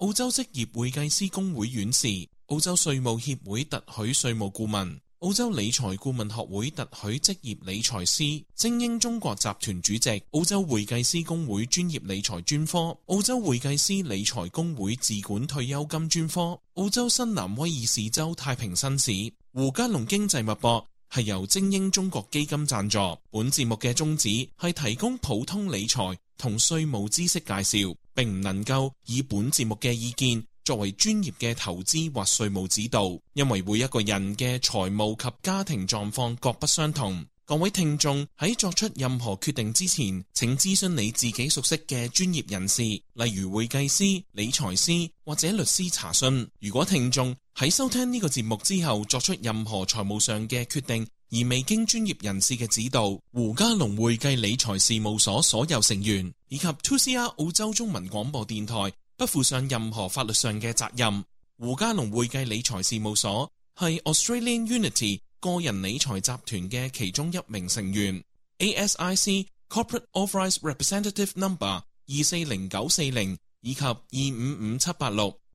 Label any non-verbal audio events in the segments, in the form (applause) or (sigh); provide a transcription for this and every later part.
澳洲職業會計師工會院士、澳洲稅務協會特許稅務顧問、澳洲理財顧問學會特許職業理財師、精英中國集團主席、澳洲會計師工會專業理財專科、澳洲會計師理財工會自管退休金專科、澳洲新南威爾士州太平紳士胡嘉龍經濟脈搏係由精英中國基金贊助，本節目嘅宗旨係提供普通理財同稅務知識介紹。並唔能夠以本節目嘅意見作為專業嘅投資或稅務指導，因為每一個人嘅財務及家庭狀況各不相同。各位聽眾喺作出任何決定之前，請諮詢你自己熟悉嘅專業人士，例如會計師、理財師或者律師查詢。如果聽眾喺收聽呢個節目之後作出任何財務上嘅決定，而未經專業人士嘅指導，胡嘉龍會計理財事務所所有成員以及 2CR 澳洲中文廣播電台不負上任何法律上嘅責任。胡嘉龍會計理財事務所係 Australian Unity 個人理財集團嘅其中一名成員，ASIC Corporate Authorised Representative Number 二四零九四零以及二五五七八六。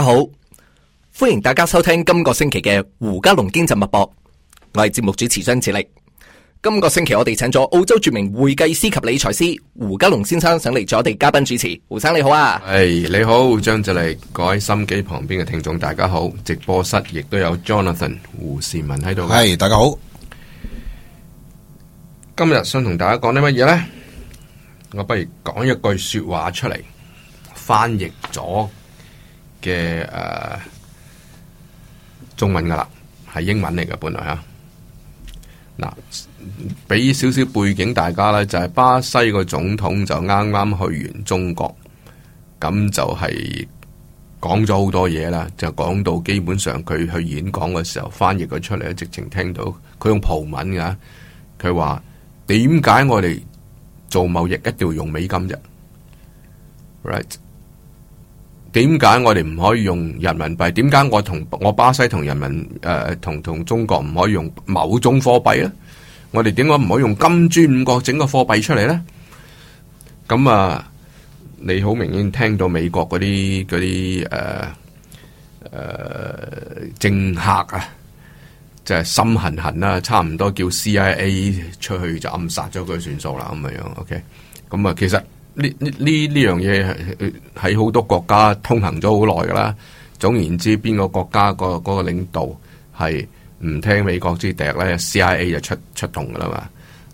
大家好，歡迎大家收聽今個星期嘅胡嘉龍經濟脈搏，我係節目主持張智力。今個星期我哋請咗澳洲著名會計師及理財師胡嘉龍先生上嚟做我哋嘉賓主持。胡生你好啊，係、hey, 你好，張智力，各位心機旁邊嘅聽眾大家好，直播室亦都有 Jonathan 胡士文喺度，係、hey, 大家好。今日想同大家講啲乜嘢呢？我不如講一句說話出嚟，翻譯咗。嘅誒、uh, 中文噶啦，係英文嚟嘅，本來嚇。嗱、啊，俾少少背景大家咧，就係、是、巴西個總統就啱啱去完中國，咁就係講咗好多嘢啦。就講到基本上佢去演講嘅時候，翻譯佢出嚟，直情聽到佢用葡文噶。佢話點解我哋做貿易一定要用美金啫？Right。點解我哋唔可以用人民幣？點解我同我巴西同人民誒，同、呃、同中國唔可以用某種貨幣咧？我哋點解唔可以用金磚五國整個貨幣出嚟咧？咁啊，你好明顯聽到美國嗰啲啲誒誒政客啊，就係心痕痕啦，差唔多叫 CIA 出去就暗殺咗佢算數啦，咁樣樣 OK。咁啊，其實。呢呢呢呢樣嘢喺好多國家通行咗好耐噶啦。總言之，邊個國家、嗰個嗰、嗰個領導係唔聽美國之笛咧？CIA 就出出動噶啦嘛。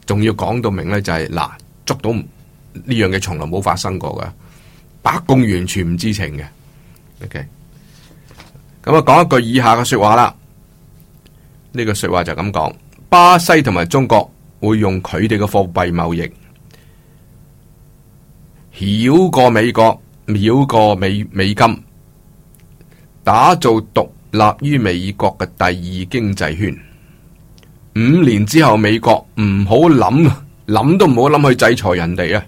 仲要講到明咧、就係，就係嗱，捉到呢樣嘢，從來冇發生過㗎。白宮完全唔知情嘅。OK，咁啊，講一句以下嘅說話啦。呢、呢個說話就咁講，巴西同埋中國會用佢哋嘅貨幣貿易。繞過美國，繞過美美金，打造獨立於美國嘅第二經濟圈。五年之後，美國唔好諗，諗都唔好諗去制裁人哋啊！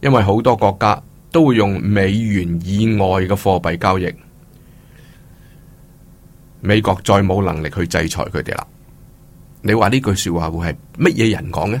因為好多國家都會用美元以外嘅貨幣交易，美國再冇能力去制裁佢哋啦。你話呢句說話會係乜嘢人講嘅？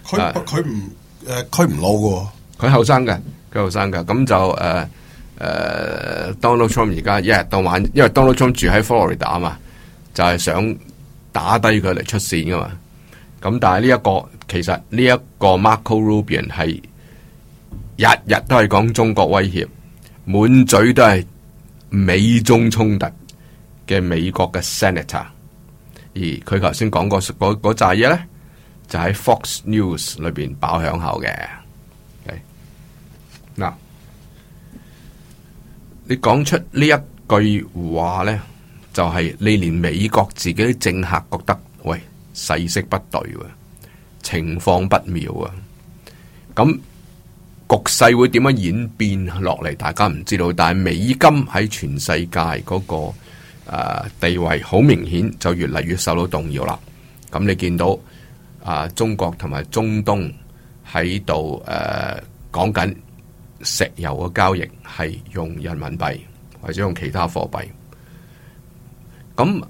佢佢唔誒，佢唔老嘅、哦，佢後生嘅，佢後生嘅，咁就誒誒 Donald Trump 而家一日到晚，因為 Donald Trump 住喺 Florida 啊嘛，就係、是、想打低佢嚟出線噶嘛。咁但係呢一個其實呢一個 Marco Rubio 係日日都係講中國威脅，滿嘴都係美中衝突嘅美國嘅 Senator，而佢頭先講過嗰嗰扎嘢咧。就喺 Fox News 裏邊爆響口嘅，嗱、okay？你講出呢一句話呢，就係、是、你連美國自己政客覺得，喂，勢色不對，情況不妙啊，咁局勢會點樣演變落嚟？大家唔知道，但係美金喺全世界嗰、那個、呃、地位好明顯，就越嚟越受到動搖啦。咁你見到？啊、中國同埋中東喺度誒講緊石油嘅交易係用人民幣或者用其他貨幣，咁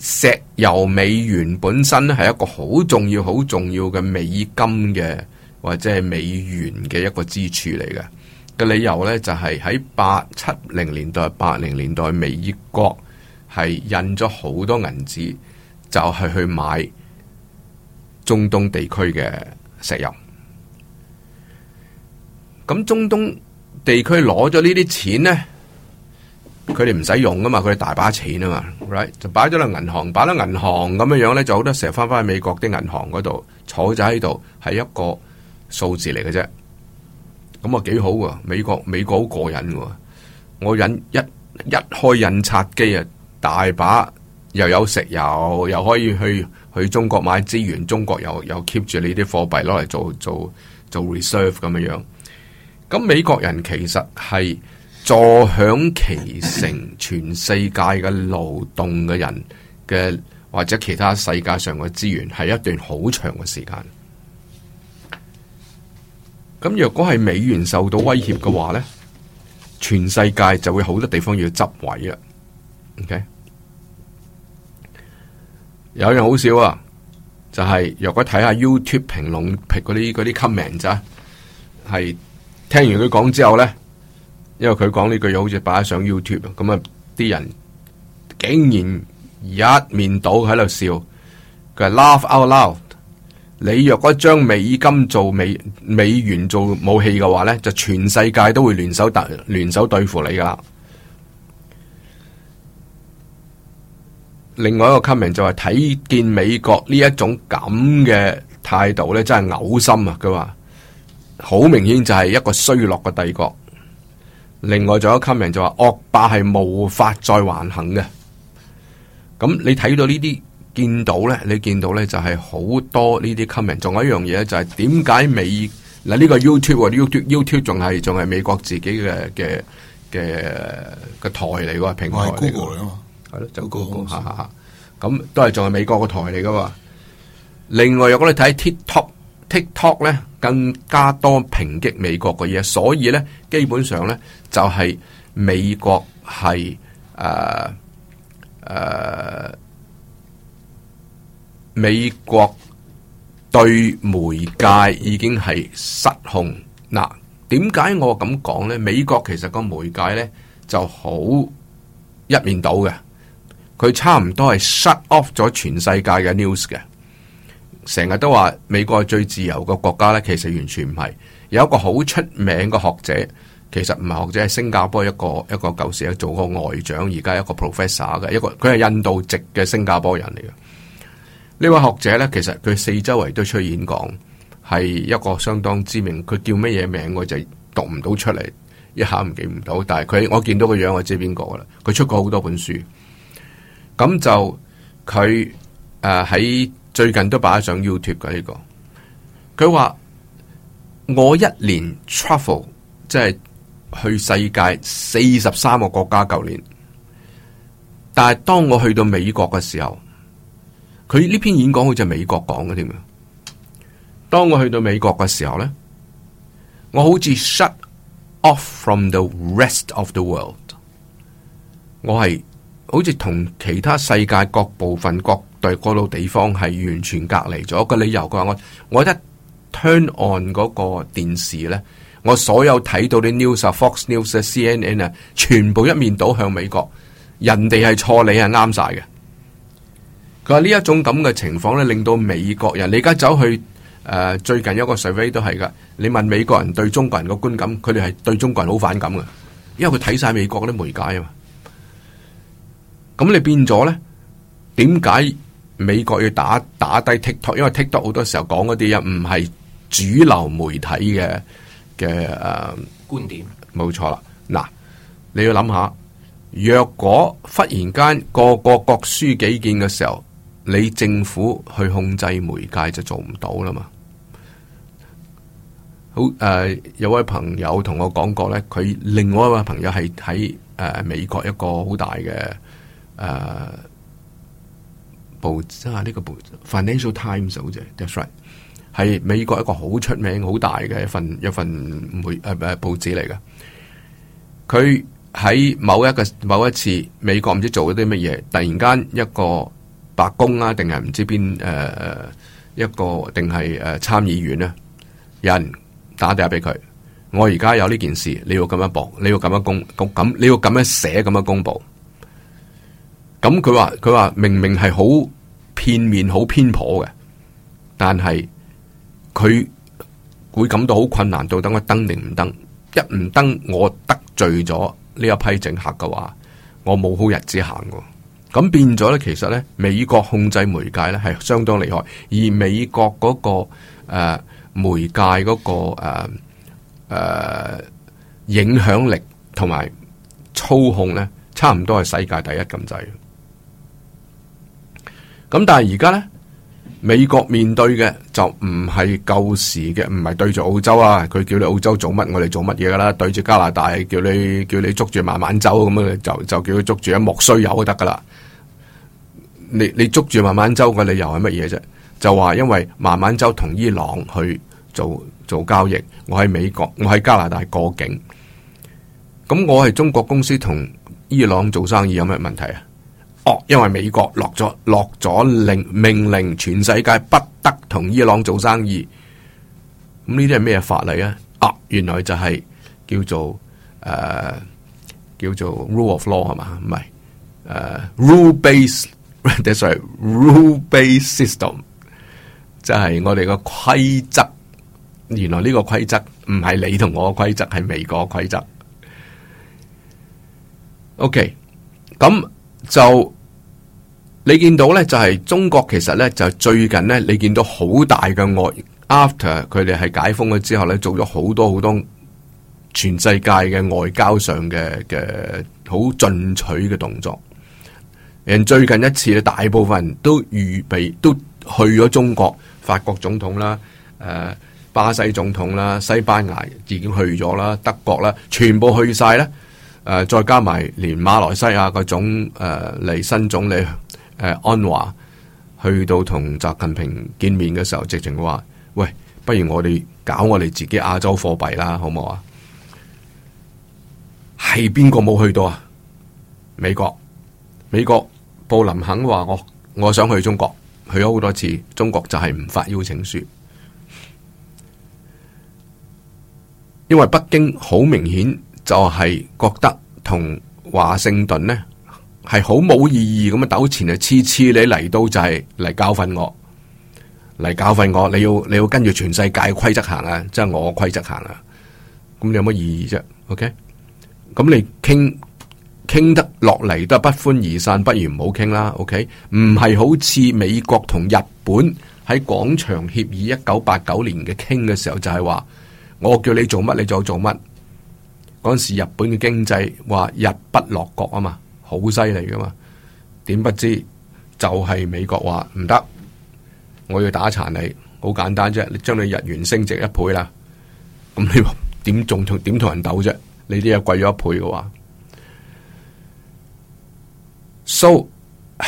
石油美元本身咧係一個好重要、好重要嘅美金嘅或者係美元嘅一個支柱嚟嘅。嘅理由呢，就係喺八七零年代、八零年代，美國係印咗好多銀紙，就係去買中東地區嘅石油，咁中東地區攞咗呢啲錢呢，佢哋唔使用㗎嘛，佢哋大把錢啊嘛，right 就擺咗落銀行，擺落銀行咁樣樣呢就好多時翻返去美國啲銀行嗰度坐咗喺度，係一個數字嚟嘅啫。咁啊，幾好嘅，美國美國好過癮嘅，我印一一開印刷機啊，大把又有石油，又可以去。去中國買資源，中國又又 keep 住你啲貨幣攞嚟做做做 reserve 咁樣樣。咁美國人其實係坐享其成全世界嘅勞動嘅人嘅，或者其他世界上嘅資源係一段好長嘅時間。咁若果係美元受到威脅嘅話呢，全世界就會好多地方要執位啦。OK。有樣好笑啊，就係、是、若果睇下 YouTube 評論嗰啲嗰啲 comment 咋，係聽完佢講之後咧，因為佢講呢句嘢，好似擺咗上 YouTube 咁啊，啲人竟然一面倒喺度笑，佢係 Laugh out loud。你若果將美金做美美元做武器嘅話咧，就全世界都會聯手打聯手對付你噶喇。另外一個 comment 就話睇見美國呢一種咁嘅態度咧，真係嘔心啊！佢話好明顯就係一個衰落嘅帝國。另外仲有一個 comment 就話惡霸係無法再橫行嘅。咁你睇到，到呢啲見到咧，你見到咧就係好多呢啲 comment。仲有一樣嘢咧就係點解美嗱呢個 YouTube, YouTube, YouTube、YouTube、YouTube 仲係仲係美國自己嘅嘅嘅個台嚟嘅平台嚟嘛？係咯，走高下一下咁，都係仲係美國個台嚟噶嘛。另外，如果你睇 TikTok，TikTok 咧更加多抨擊美國嘅嘢，所以咧基本上咧就係美國係誒誒，美國對媒介已經係失控。嗱，點解我咁講咧？美國其實個媒介咧就好一面倒嘅。佢差唔多係 shut off 咗全世界嘅 news 嘅，成日都話美國係最自由嘅國家呢，其實完全唔係。有一個好出名嘅學者，其實唔係學者，係新加坡一個一個舊時做過外長，而家一個 professor 嘅一個，佢係印度籍嘅新加坡人嚟嘅。呢位學者呢，其實佢四周圍都出演講，係一個相當知名。佢叫乜嘢名我就讀唔到出嚟，一下唔記唔到。但係佢我見到個樣，我知邊個啦。佢出過好多本書。咁就佢誒喺最近都擺上 YouTube 嘅呢個，佢話我一年 travel 即係去世界四十三個國家，舊年。但係當我去到美國嘅時候，佢呢篇演講好似係美國講嘅添。當我去到美國嘅時候咧，我好似 shut off from the rest of the world，我係。好似同其他世界各部分、各對各度地方係完全隔離咗。個理由佢話：我我一 turn on 嗰個電視呢，我所有睇到啲 news Fox News C N N 啊，全部一面倒向美國。人哋係錯理，你係啱晒嘅。佢話呢一種咁嘅情況呢，令到美國人你而家走去、呃、最近有一個 survey 都係噶。你問美國人對中國人嘅觀感，佢哋係對中國人好反感嘅，因為佢睇晒美國嗰啲媒介啊嘛。咁你變咗呢？點解美國要打打低 TikTok？因為 TikTok 好多時候講嗰啲嘢唔係主流媒體嘅嘅誒觀點。冇錯啦，嗱，你要諗下，若果忽然間個個各抒己見嘅時候，你政府去控制媒介就做唔到啦嘛。好誒、呃，有位朋友同我講過呢，佢另外一位朋友係喺誒美國一個好大嘅。誒，uh, 報，即係呢個報 Financial Times，好啫 that's right，係美國一個好出名、好大嘅一份一份媒誒、啊、報紙嚟嘅。佢喺某一個某一次，美國唔知做咗啲乜嘢，突然間一個白宮啊，定係唔知邊誒、呃、一個，定係誒參議員咧、啊，有人打電話俾佢，我而家有呢件事，你要咁樣報，你要咁樣公，咁你要咁樣寫，咁樣公布。咁佢話佢話明明係好片面、好偏頗嘅，但係佢會感到好困難，到底我登定唔登？一唔登，我得罪咗呢一批政客嘅話，我冇好日子行。咁變咗咧，其實咧美國控制媒介咧係相當厲害，而美國嗰、那個誒、呃、媒介嗰、那個誒誒、呃啊、影響力同埋操控咧，差唔多係世界第一咁滯。咁但係而家咧，美國面對嘅就唔係舊時嘅，唔係對住澳洲啊，佢叫你澳洲做乜，我哋做乜嘢噶啦？對住加拿大叫，叫你叫捉你，你捉住孟晚舟咁啊！就就叫佢捉住一莫須有都得噶啦！你你捉住孟晚舟嘅理由係乜嘢啫？就話因為孟晚舟同伊朗去做做交易，我喺美國，我喺加拿大過境，咁我係中國公司同伊朗做生意有咩問題啊？因為美國落咗落咗令命令全世界不得同伊朗做生意，咁呢啲係咩法例啊？啊，原來就係叫做誒、呃、叫做 rule of law 係嘛？唔係誒 rule base，sorry rule base system，就係我哋嘅規則。原來呢個規則唔係你同我嘅規則，係美國嘅規則。OK，咁就。你見到咧，就係、是、中國其實咧，就是、最近咧，你見到好大嘅外，After 佢哋係解封咗之後咧，做咗好多好多全世界嘅外交上嘅嘅好進取嘅動作。誒，最近一次咧，大部分人都預備都去咗中國、法國總統啦、誒、呃、巴西總統啦、西班牙已經去咗啦、德國啦，全部去晒咧、呃。再加埋連馬來西亞個總嚟新總理。安華去到同習近平見面嘅時候，直情話：喂，不如我哋搞我哋自己亞洲貨幣啦，好唔好啊？係邊個冇去到啊？美國，美國布林肯話：我我想去中國，去咗好多次，中國就係唔發邀請書，因為北京好明顯就係覺得同華盛頓呢。係好冇意義咁樣糾纏啊！次次你嚟到就係嚟教訓我，嚟教訓我，你要你要跟住全世界嘅規則行啊！即係我規則行啊！咁有乜意義啫？OK，咁你傾傾得落嚟都係不歡而散，不如唔好傾啦。OK，唔係好似美國同日本喺廣場協議一九八九年嘅傾嘅時候就，就係話我叫你做乜你就做乜。嗰時日本嘅經濟話日不落國啊嘛。好犀利噶嘛？點不知就係美國話唔得，我要打殘你，好簡單啫！你將你日元升值一倍啦，咁你點仲同點同人鬥啫？你啲嘢貴咗一倍嘅話，So,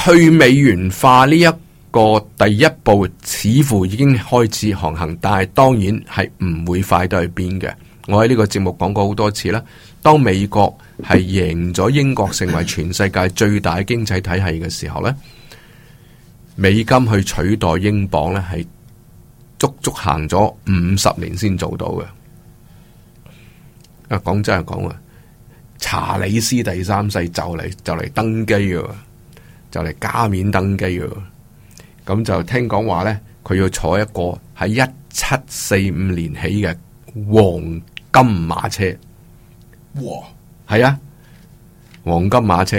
去美元化呢一個第一步似乎已經開始航行，但係當然係唔會快到去邊嘅。我喺呢個節目講過好多次啦。當美國係贏咗英國，成為全世界最大的經濟體系嘅時候呢，美金去取代英鎊咧，係足足行咗五十年先做到嘅。啊，講真係講啊，查理斯第三世就嚟就嚟登基㗎，就嚟加冕登基㗎，咁就聽講話呢，佢要坐一個喺一七四五年起嘅黃金馬車。哇，係啊，黃金馬車，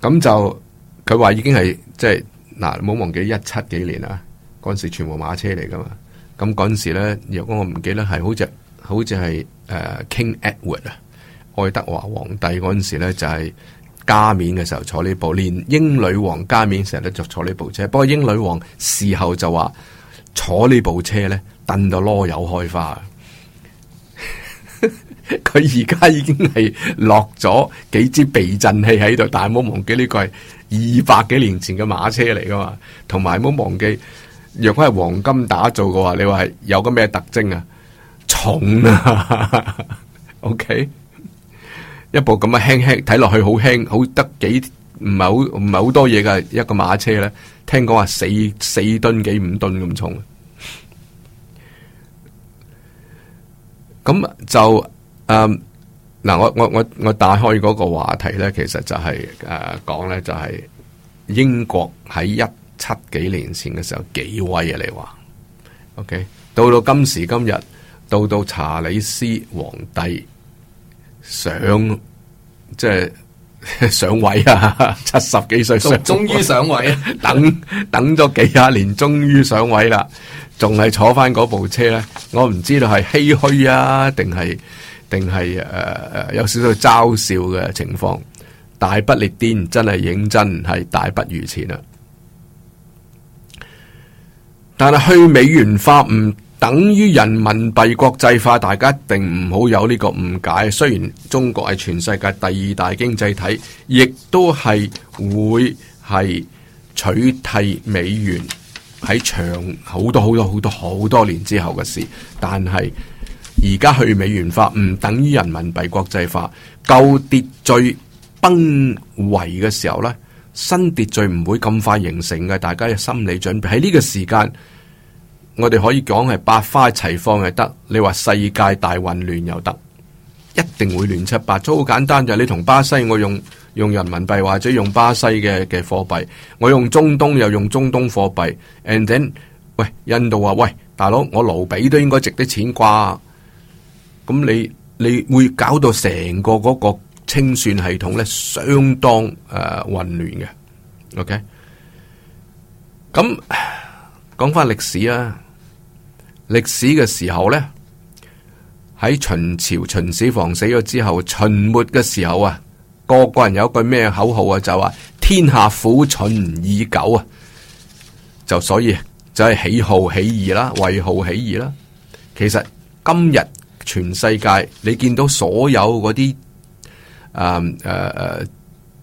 咁就佢話已經係即係嗱，唔好忘記一七幾年啊，嗰陣時全部馬車嚟噶嘛。咁嗰陣時咧，如果我唔記得係好似好似係誒 King Edward 啊，愛德華皇帝嗰陣時咧就係、是、加冕嘅時候坐呢部，連英女王加冕成日都就坐呢部車，不過英女王事後就話坐呢部車咧蹬到籮柚開花。佢而家已經係落咗幾支避震器喺度，但係唔好忘記呢個係二百幾年前嘅馬車嚟噶嘛，同埋唔好忘記，若果係黃金打造嘅話，你話係有個咩特徵啊？重啊 (laughs) ，OK，一部咁啊輕輕睇落去好輕，好得幾唔係好唔係好多嘢㗎。一個馬車咧，聽講話四四噸幾五噸咁重，咁就。嗯，嗱，我我我我打開嗰個話題咧，其實就係誒講咧，呃、就係英國喺一七幾年前嘅時候幾威啊！你話，OK？到到今時今日，到到查理斯皇帝上即係、就是、上位啊，七十幾歲上，終於上位啊！ (laughs) 等等咗幾廿年，終於上位啦，仲係坐翻嗰部車咧。我唔知道係唏噓啊，定係？定係誒有少少嘲笑嘅情況，大不列顛真係認真係大不如前啦、啊。但係去美元化唔等於人民幣國際化，大家一定唔好有呢個誤解。雖然中國係全世界第二大經濟體，亦都係會係取替美元喺長好多好多好多好多好多年之後嘅事，但係。而家去美元化唔等於人民幣國際化。舊秩序崩壞嘅時候咧，新秩序唔會咁快形成嘅。大家嘅心理準備喺呢個時間，我哋可以講係百花齊放就得。你話世界大混亂又得，一定會亂七八糟。好簡單就係你同巴西，我用用人民幣或者用巴西嘅嘅貨幣，我用中東又用中東貨幣，and then 喂印度話，喂大佬，我盧比都應該值啲錢啩？咁你你會搞到成個嗰個清算系統咧，相當誒混亂嘅，OK？咁講翻歷史啊，歷史嘅時候咧，喺秦朝秦始皇死咗之後，秦末嘅時候啊，個個人有一句咩口號啊，就話天下苦秦已久啊，就所以就係起號起義啦，為號起義啦，其實今日。全世界你見到所有嗰啲誒誒誒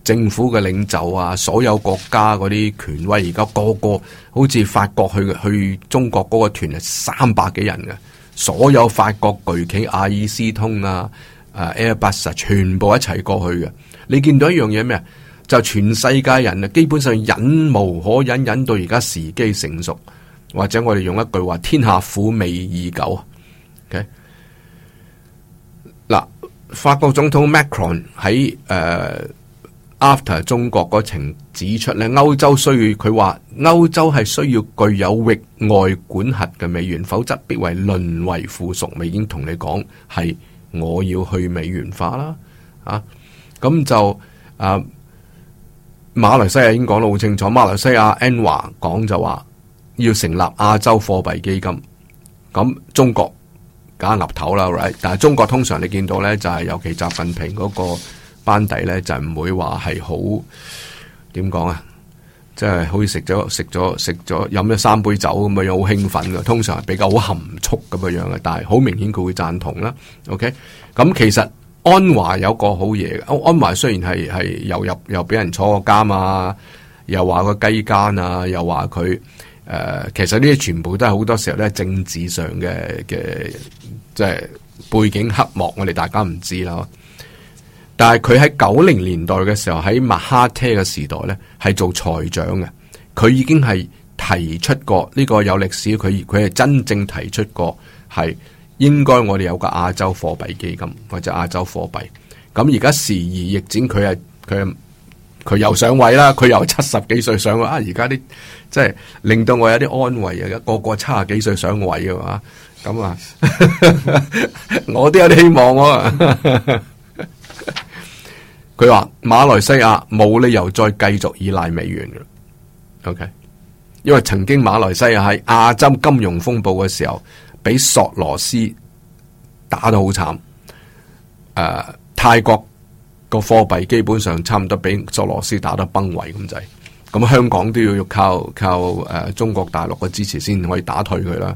政府嘅領袖啊，所有國家嗰啲權威而家個個好似法國去去中國嗰個團係三百幾人嘅，所有法國巨企阿爾斯通啊，誒 Airbus 全部一齊過去嘅。你見到一樣嘢咩啊？就全世界人啊，基本上忍無可忍，忍到而家時機成熟，或者我哋用一句話：天下苦味已久。OK。嗱，法國總統 Macron 喺誒、uh, after 中國嗰程指出咧，歐洲需要佢話歐洲係需要具有域外管轄嘅美元，否則必為淪為附屬。美英同你講係我要去美元化啦，啊，咁就啊馬來西亞已經講得好清楚，馬來西亞安華講就話要成立亞洲貨幣基金，咁中國。加立岌頭啦，right？但係中國通常你見到咧，就係尤其習近平嗰個班底咧，就唔會話係好，點講啊，即係好似食咗食咗食咗飲咗三杯酒咁樣，好興奮㗎，通常係比較好含蓄咁樣樣嘅，但係好明顯佢會贊同啦。OK，咁其實安華有個好嘢，安安華雖然係係又入又俾人坐過監啊，又話個雞奸啊，又話佢。誒、呃，其實呢啲全部都係好多時候都係政治上嘅嘅，即係、就是、背景黑幕，我哋大家唔知啦。但係佢喺九零年代嘅時候，喺馬哈迪嘅時代呢，係做財長嘅。佢已經係提出過呢、這個有歷史，佢佢係真正提出過係應該我哋有個亞洲貨幣基金或者亞洲貨幣。咁而家時而發展，佢係佢。佢又上位啦，佢又七十幾歲上位啊！而家啲即係令到我有啲安慰一個個啊，個個七十幾歲上位嘅話，咁啊，我都有啲希望。佢話馬來西亞冇理由再繼續依賴美元嘅，OK，因為曾經馬來西亞喺亞洲金融風暴嘅時候，俾索羅斯打得好慘，誒、呃，泰國。個貨幣基本上差唔多俾索羅斯打得崩位咁滯，咁香港都要靠靠誒中國大陸嘅支持先可以打退佢啦。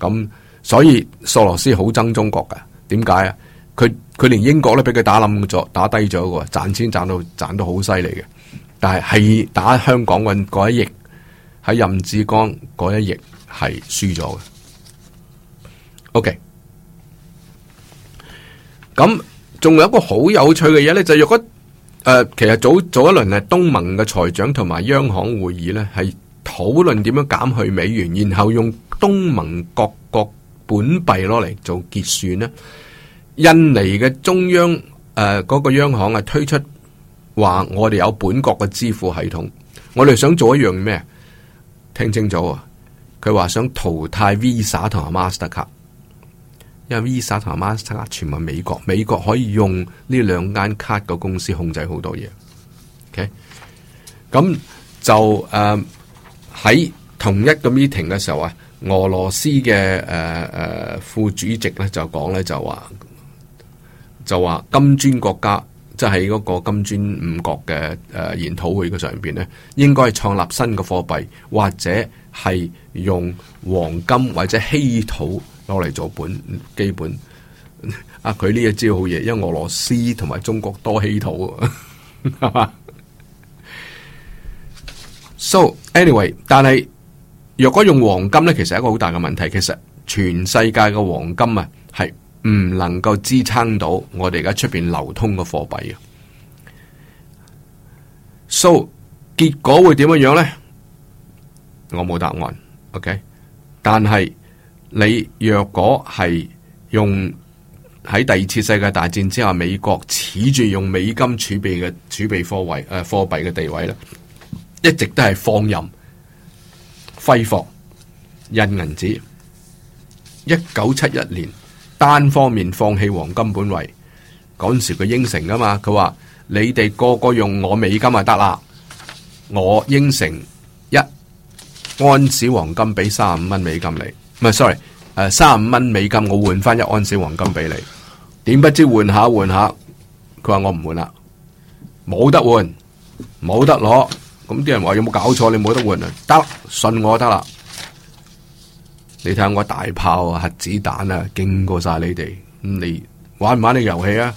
咁所以索羅斯好憎中國噶，點解啊？佢佢連英國都俾佢打冧咗，打低咗，個賺錢賺到賺到好犀利嘅，但係係打香港嘅嗰一役喺任志剛嗰一役係輸咗嘅。OK，咁。仲有一個好有趣嘅嘢呢就係，如果誒、呃，其實早做一輪咧，東盟嘅財長同埋央行會議呢，係討論點樣減去美元，然後用東盟各國本幣攞嚟做結算，呢印尼嘅中央誒嗰、呃嗰個央行啊，推出話我哋有本國嘅支付系統，我哋想做一樣咩？聽清楚啊！佢話想淘汰 Visa 同阿 Master 卡。因為 Visa 同 Master 卡全喺美國，美國可以用呢兩間卡嘅公司控制好多嘢。OK，咁就誒喺、呃、同一個 meeting 嘅時候啊，俄羅斯嘅誒誒副主席咧，就講咧就話，就話金磚國家即係嗰個金磚五國嘅誒研討會嘅上邊咧，應該係創立新嘅貨幣或者係用黃金或者稀土。攞嚟做本基本，啊佢呢一招好嘢，因為俄羅斯同埋中國多稀土啊 (laughs) (laughs) (laughs) ，So anyway，但係若果用黃金呢，其實係一個好大嘅問題，其實全世界嘅黃金啊，係唔能夠支撐到我哋而家出邊流通嘅貨幣啊。So 結果會點樣樣呢？我冇答案，OK，但係。你若果係用喺第二次世界大戰之下，美國恃住用美金儲備嘅儲備貨幣誒貨幣嘅地位啦，一直都係放任揮霍印銀紙。一九七一年單方面放棄黃金本位，嗰陣時佢應承啊嘛，佢話你哋個個用我美金就得啦，我應承一安士黃金俾三十五蚊美金你。唔係，sorry，誒，三十五蚊美金我換翻一安士黃金俾你，點不知換下換下，佢話我唔換啦，冇得換，冇得攞，咁啲人話有冇搞錯？你冇得換啊？得，信我得啦，你睇下我大炮啊，核子彈啊，勁過晒你哋，咁你玩唔玩呢遊戲啊？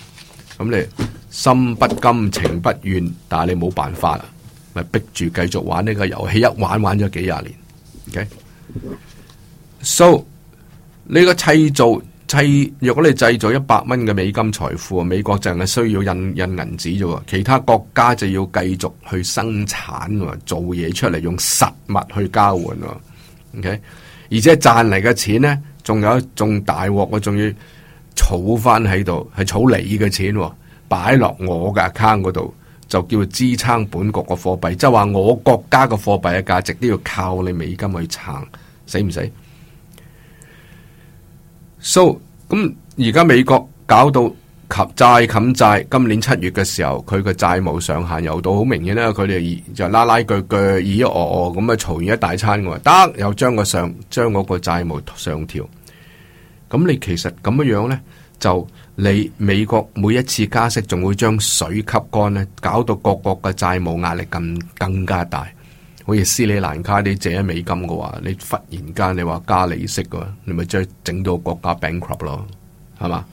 咁你心不甘情不願，但係你冇辦法啊，咪逼住繼續玩呢個遊戲，一玩玩咗幾廿年，ok。so 呢個砌造砌，若果你製造一百蚊嘅美金財富，美國淨係需要印印銀紙啫。其他國家就要繼續去生產做嘢出嚟，用實物去交換。ok，而且賺嚟嘅錢呢，仲有一種大鑊，我仲要儲翻喺度，係儲你嘅錢擺落我嘅 account 嗰度，就叫支撐本國嘅貨幣。即係話我國家嘅貨幣嘅價值都要靠你美金去撐，死唔死？so 咁而家美國搞到及債冚債，今年七月嘅時候佢嘅債務上限又到好明顯啦。佢哋就拉拉鋸鋸，咦哦哦咁啊，嘈完一大餐嘅，得又將個上將嗰個債務上調，咁你其實咁樣樣呢就你美國每一次加息仲會將水吸乾呢，搞到各國嘅債務壓力更更加大。好似斯里蘭卡啲借美金嘅話，你忽然間你話加利息嘅，你咪再整到國家 bankrupt 咯，係嘛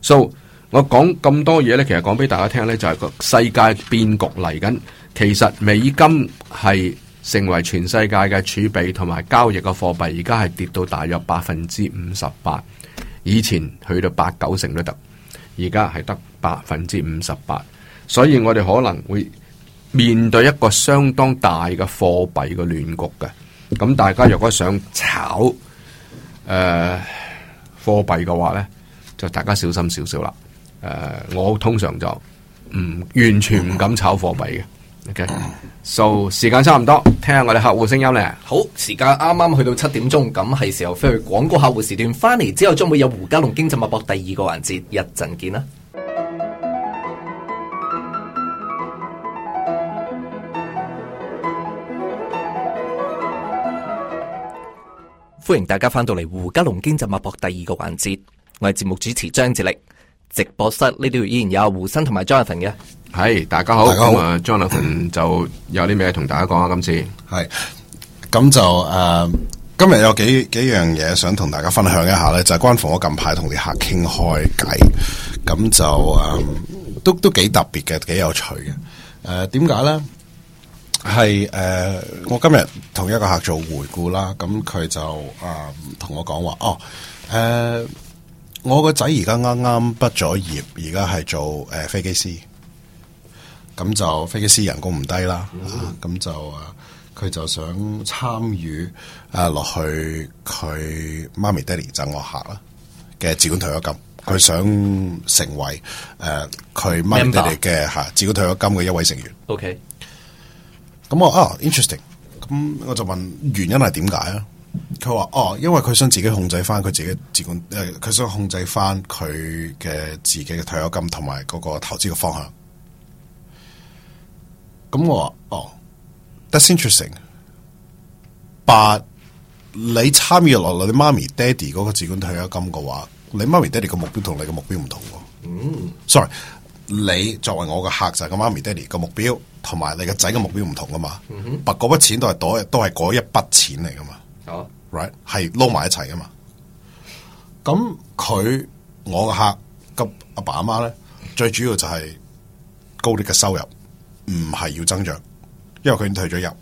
？So，我講咁多嘢呢，其實講俾大家聽呢，就係個世界變局嚟緊。其實美金係成為全世界嘅儲備同埋交易嘅貨幣，而家係跌到大約百分之五十八，以前去到八九成都得，而家係得百分之五十八，所以我哋可能會，面對一個相當大嘅貨幣嘅亂局嘅，咁大家若果想炒誒、呃、貨幣嘅話咧，就大家小心少少啦。誒、呃，我通常就唔完全唔敢炒貨幣嘅。OK，數、so, 時間差唔多，聽下我哋客戶聲音咧。好，時間啱啱去到七點鐘，咁係時候飛去廣告客戶時段，翻嚟之後將會有胡嘉龍經濟脈搏第二個環節，一陣見啦。歡迎大家翻到嚟《胡嘉龍經濟脈搏》第二個環節，我係節目主持張志力。直播室呢度依然有胡生同埋 Jonathan 嘅，係、hey, 大家好。咁啊，Jonathan (coughs) 就有啲咩同大家講啊？今次係咁就誒、呃，今日有幾幾樣嘢想同大家分享一下咧，就係、是、關乎我近排同啲客傾開偈，咁就誒、呃，都都幾特別嘅，幾有趣嘅。誒、呃，點解咧？係誒、呃，我今日同一個客做回顧啦，咁佢就啊同、呃、我講話哦誒、呃，我個仔而家啱啱畢咗業，而家係做誒、呃、飛機師，咁就飛機師人工唔低啦，咁、啊、就啊佢、呃、就想參與啊落去佢媽咪爹哋就我客啦嘅自管退休金，佢想成為誒佢媽咪爹哋嘅吓自管退休金嘅一位成員。OK。咁我哦，interesting，咁我就問原因係點解啊？佢話哦，oh, 因為佢想自己控制翻佢自己自管誒，佢、呃、想控制翻佢嘅自己嘅退休金同埋嗰個投資嘅方向。咁我話哦、oh，that's interesting，八你參與落嚟，你媽咪、爹哋嗰個自管退休金嘅話，你媽咪、爹哋嘅目標同你嘅目標唔同嘅。嗯、mm.，sorry。你作為我個客就係個媽咪爹哋個目標，同埋你個仔個目標唔同噶嘛？白嗰筆錢都係躲，都係嗰一筆錢嚟噶嘛？right 係撈埋一齊噶嘛？咁佢、嗯、我個客個阿爸阿媽咧，最主要就係高啲嘅收入唔係要增長，因為佢已經退咗入。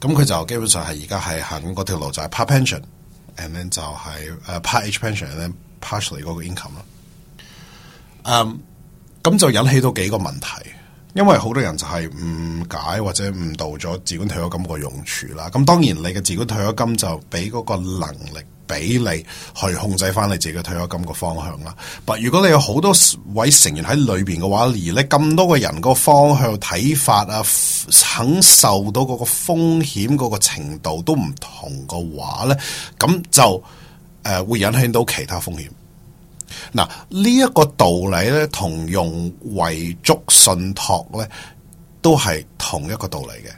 咁佢就基本上係而家係行嗰條路，就係 part pension，and then 就係誒 part age pension，and then partially 嗰個 income 嗯。Um, 咁就引起到幾個問題，因為好多人就係誤解或者誤導咗自管退休金個用處啦。咁當然你嘅自管退休金就俾嗰個能力俾你去控制翻你自己退休金個方向啦。但如果你有好多位成員喺裏面嘅話，而呢咁多個人個方向睇法啊，肯受到嗰個風險嗰個程度都唔同嘅話呢，咁就誒、呃、會引起到其他風險。嗱，呢一個道理咧，同用遺囑信託咧，都係同一個道理嘅。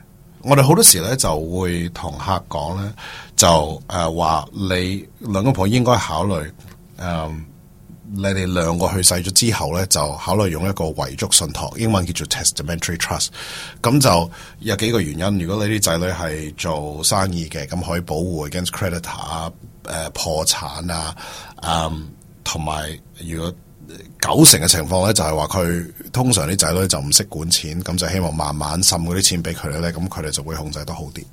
我哋好多時咧就會同客講咧，就誒話你兩公婆應該考慮，呃、你哋兩個去世咗之後咧，就考慮用一個遺囑信託，英文叫做 testamentary trust。咁就有幾個原因，如果你啲仔女係做生意嘅，咁可以保護 against creditor 啊、呃，誒破產啊，呃同埋，如果、呃、九成嘅情況咧，就係話佢通常啲仔女就唔識管錢，咁就希望慢慢滲嗰啲錢俾佢哋咧，咁佢哋就會控制得好啲。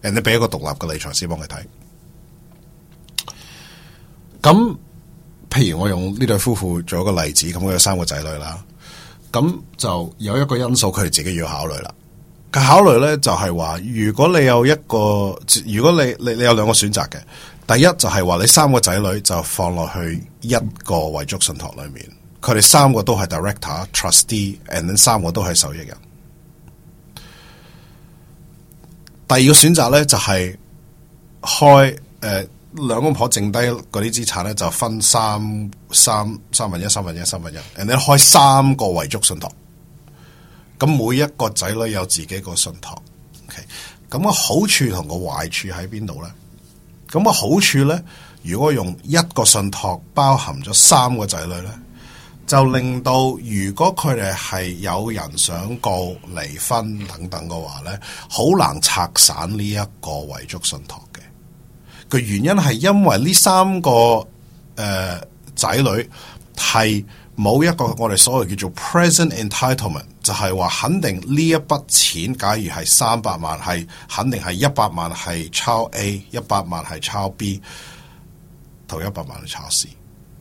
人哋俾一個獨立嘅理財師幫佢睇。咁，譬如我用呢對夫婦做一個例子，咁佢有三個仔女啦。咁就有一個因素，佢哋自己要考慮啦。佢考慮咧，就係、是、話，如果你有一個，如果你你你有兩個選擇嘅。第一就係話你三個仔女就放落去一個遺囑信託裏面，佢哋三個都係 director trustee，and then 三個都係受益人。第二個選擇呢，就係、是、開誒、呃、兩公婆剩低嗰啲資產呢，就分三三三分一三分一三分一，and then 開三個遺囑信託。咁每一個仔女有自己個信託。咁、okay，個好處同個壞處喺邊度呢？咁嘅好處呢，如果用一個信託包含咗三個仔女呢，就令到如果佢哋係有人想告離婚等等嘅話呢，好難拆散呢一個遺囑信託嘅。個原因係因為呢三個呃、仔女係，冇一個我哋所謂叫做 present entitlement，就係話肯定呢一筆錢，假如係三百萬，係肯定係一百萬係抄 A，一百萬係抄 B，同一百萬係抄 C。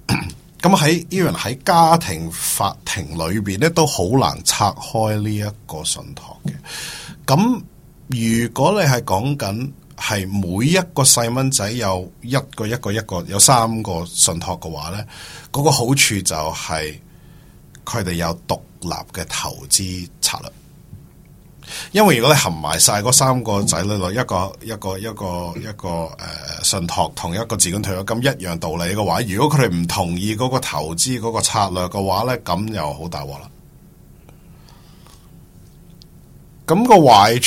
咁喺 even 喺家庭法庭裏邊咧，都好難拆開呢一個信託嘅。咁如果你係講緊，係每一個細蚊仔有一個一個一個有三個信託嘅話呢嗰、嗰個好處就係佢哋有獨立嘅投資策略。因為如果你含埋晒嗰三個仔咧，一個一個一個一個誒、呃、信託同一個自己退休金一樣道理嘅話，如果佢哋唔同意嗰個投資嗰個策略嘅話呢，咁又好大鑊啦。咁個壞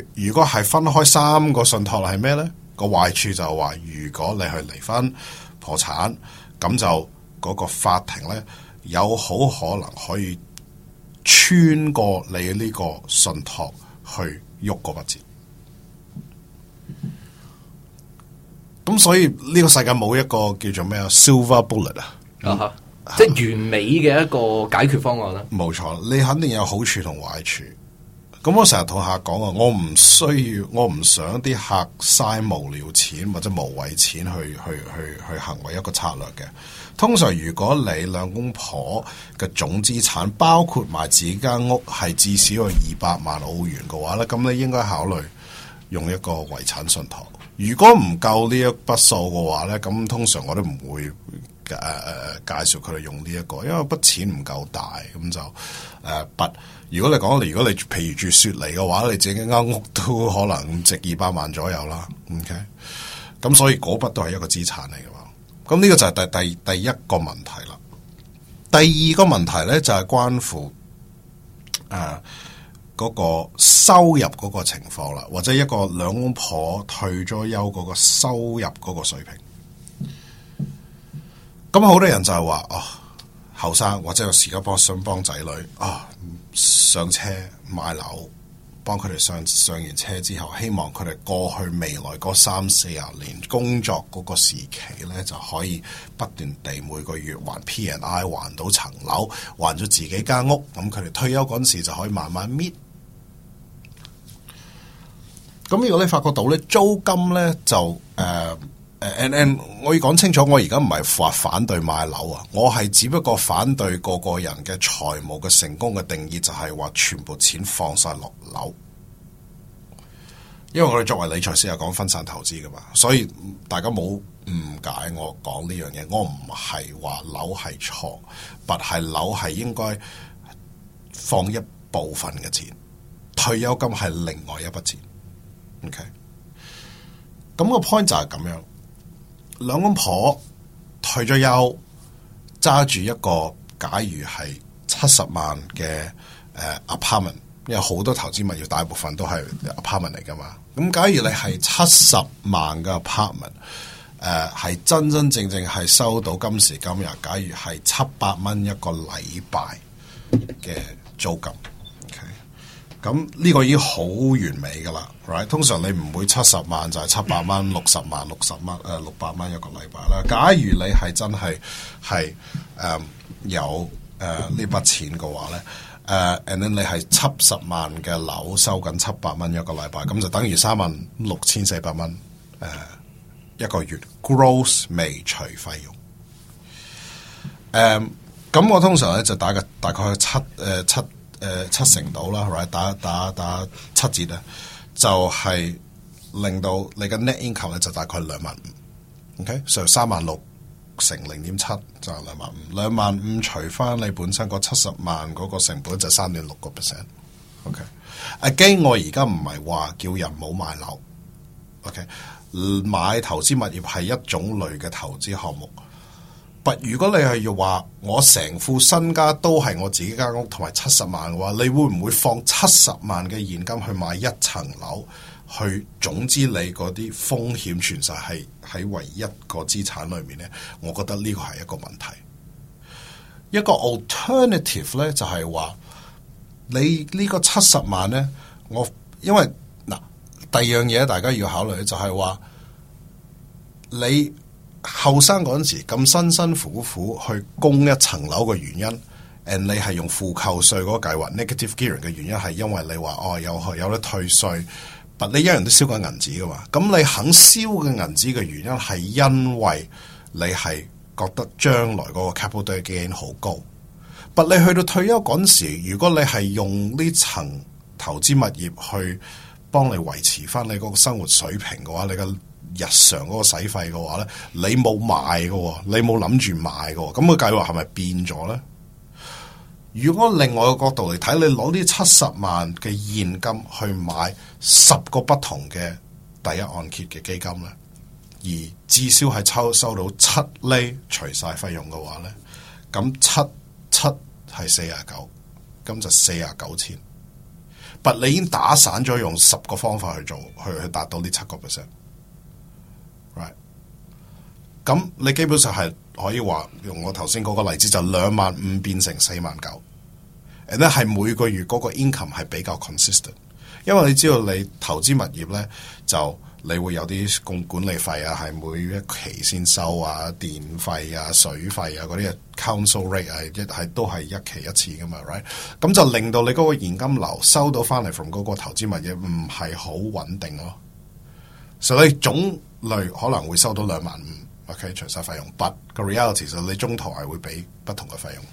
處，如果係分開三個信託，係咩呢？個壞處就話，如果你去離婚、破產，咁就嗰個法庭呢，有好可能可以穿過你呢個信託去喐個物質。咁所以呢個世界冇一個叫做咩啊，silver bullet 啊哈，嗯、即係完美嘅一個解決方案呢。冇錯，你肯定有好處同壞處。咁我成日同客講啊，我唔需要，我唔想啲客嘥無聊錢或者無謂錢去去去去行為一個策略嘅。通常如果你兩公婆嘅總資產包括埋自己間屋係至少有二百萬澳元嘅話咧，咁你應該考慮用一個遺產信託。如果唔夠呢一筆數嘅話咧，咁通常我都唔會。誒誒、啊啊，介紹佢哋用呢、這、一個，因為筆錢唔夠大，咁就誒不。啊、如果你講你，如果你譬如住雪梨嘅話，你自己間屋都可能值二百萬左右啦。OK，咁所以嗰筆都係一個資產嚟嘅嘛。咁呢個就係第第第一個問題啦。第二個問題咧就係、是、關乎誒嗰、啊那個收入嗰個情況啦，或者一個兩公婆退咗休嗰個收入嗰個水平。咁好多人就係話，哦，後生或者有時間幫想幫仔女，啊、哦，上車買樓，幫佢哋上上完車之後，希望佢哋過去未來嗰三四十年工作嗰個時期呢，就可以不斷地每個月還 P and I，還到層樓，還咗自己間屋，咁佢哋退休嗰陣時就可以慢慢搣。咁如果你發覺到呢租金呢，就誒。呃誒我要講清楚，我而家唔係話反對買樓啊，我係只不過反對個個人嘅財務嘅成功嘅定義就係話全部錢放晒落樓。因為我哋作為理財師係講分散投資噶嘛，所以大家冇誤解我講呢樣嘢。我唔係話樓係錯，但係樓係應該放一部分嘅錢，退休金係另外一筆錢。OK，咁個 point 就係咁樣。兩公婆退咗休，揸住一個，假如係七十萬嘅誒、呃、apartment，因為好多投資物業大部分都係 apartment 嚟㗎嘛。咁假如你係七十萬嘅 apartment，誒、呃、係真真正正係收到今時今日，假如係七百蚊一個禮拜嘅租金。咁呢個已經好完美噶啦，right？通常你唔會七十萬就係七百蚊、六十萬六十蚊、誒、呃、六百蚊一個禮拜啦。假如你係真係係誒有誒呢筆錢嘅話咧，誒、呃、and then 你係七十萬嘅樓收緊七百蚊一個禮拜，咁就等於三萬六千四百蚊誒、呃、一個月，gross 未除費用。誒、呃、咁我通常咧就打個大概七誒、呃、七。誒、呃，七成到啦，係咪打打打，打七折咧？就係、是、令到你嘅 net income 咧，就大概兩萬五，ok，上三萬六乘零點七就係兩萬五，兩萬五除翻你本身嗰七十萬嗰個成本就三點六個 percent，ok。阿、okay? 基我而家唔係話叫人冇買樓，ok，買投資物業係一種類嘅投資項目。如果你係要話，我成副身家都係我自己間屋同埋七十萬嘅話，你會唔會放七十萬嘅現金去買一層樓？去總之你嗰啲風險全實係喺唯一個資產裏面呢。我覺得呢個係一個問題。一個 alternative 呢，就係話，你呢個七十萬呢，我因為嗱第二樣嘢大家要考慮就係話你。後生嗰陣時咁辛辛苦苦去供一層樓嘅原因，and 你係用負扣稅嗰個計劃 negative gearing 嘅原因，係因，因為你話哦有有得退稅，但你一樣都燒緊銀紙噶嘛？咁你肯燒嘅銀紙嘅原因係因為你係覺得將來嗰個 capital gain 好高，但你去到退休嗰陣時，如果你係用呢層投資物業去幫你維持翻你嗰個生活水平嘅話，你嘅。日常嗰個使費嘅話咧，你冇買嘅，你冇諗住買嘅，咁個計劃係咪變咗咧？如果另外個角度嚟睇，你攞啲七十萬嘅現金去買十個不同嘅第一按揭嘅基金咧，而至少係抽收到七厘除晒費用嘅話咧，咁七七係四十九，咁就四十九千。但你已經打散咗用十個方法去做，去去達到呢七個 percent。咁你基本上係可以話用我頭先嗰個例子，就兩萬五變成四萬九，誒咧係每個月嗰個 income 係比較 consistent，因為你知道你投資物業咧，就你會有啲管理費啊，係每一期先收啊，電費啊、水費啊嗰啲 council rate 啊，一係都係一期一次噶嘛，right？咁就令到你嗰個現金流收到翻嚟 from 嗰個投資物業唔係好穩定咯。所、so、以總類可能會收到兩萬五。OK，除晒費用，but 個 reality 其實你中途係會俾不同嘅費用。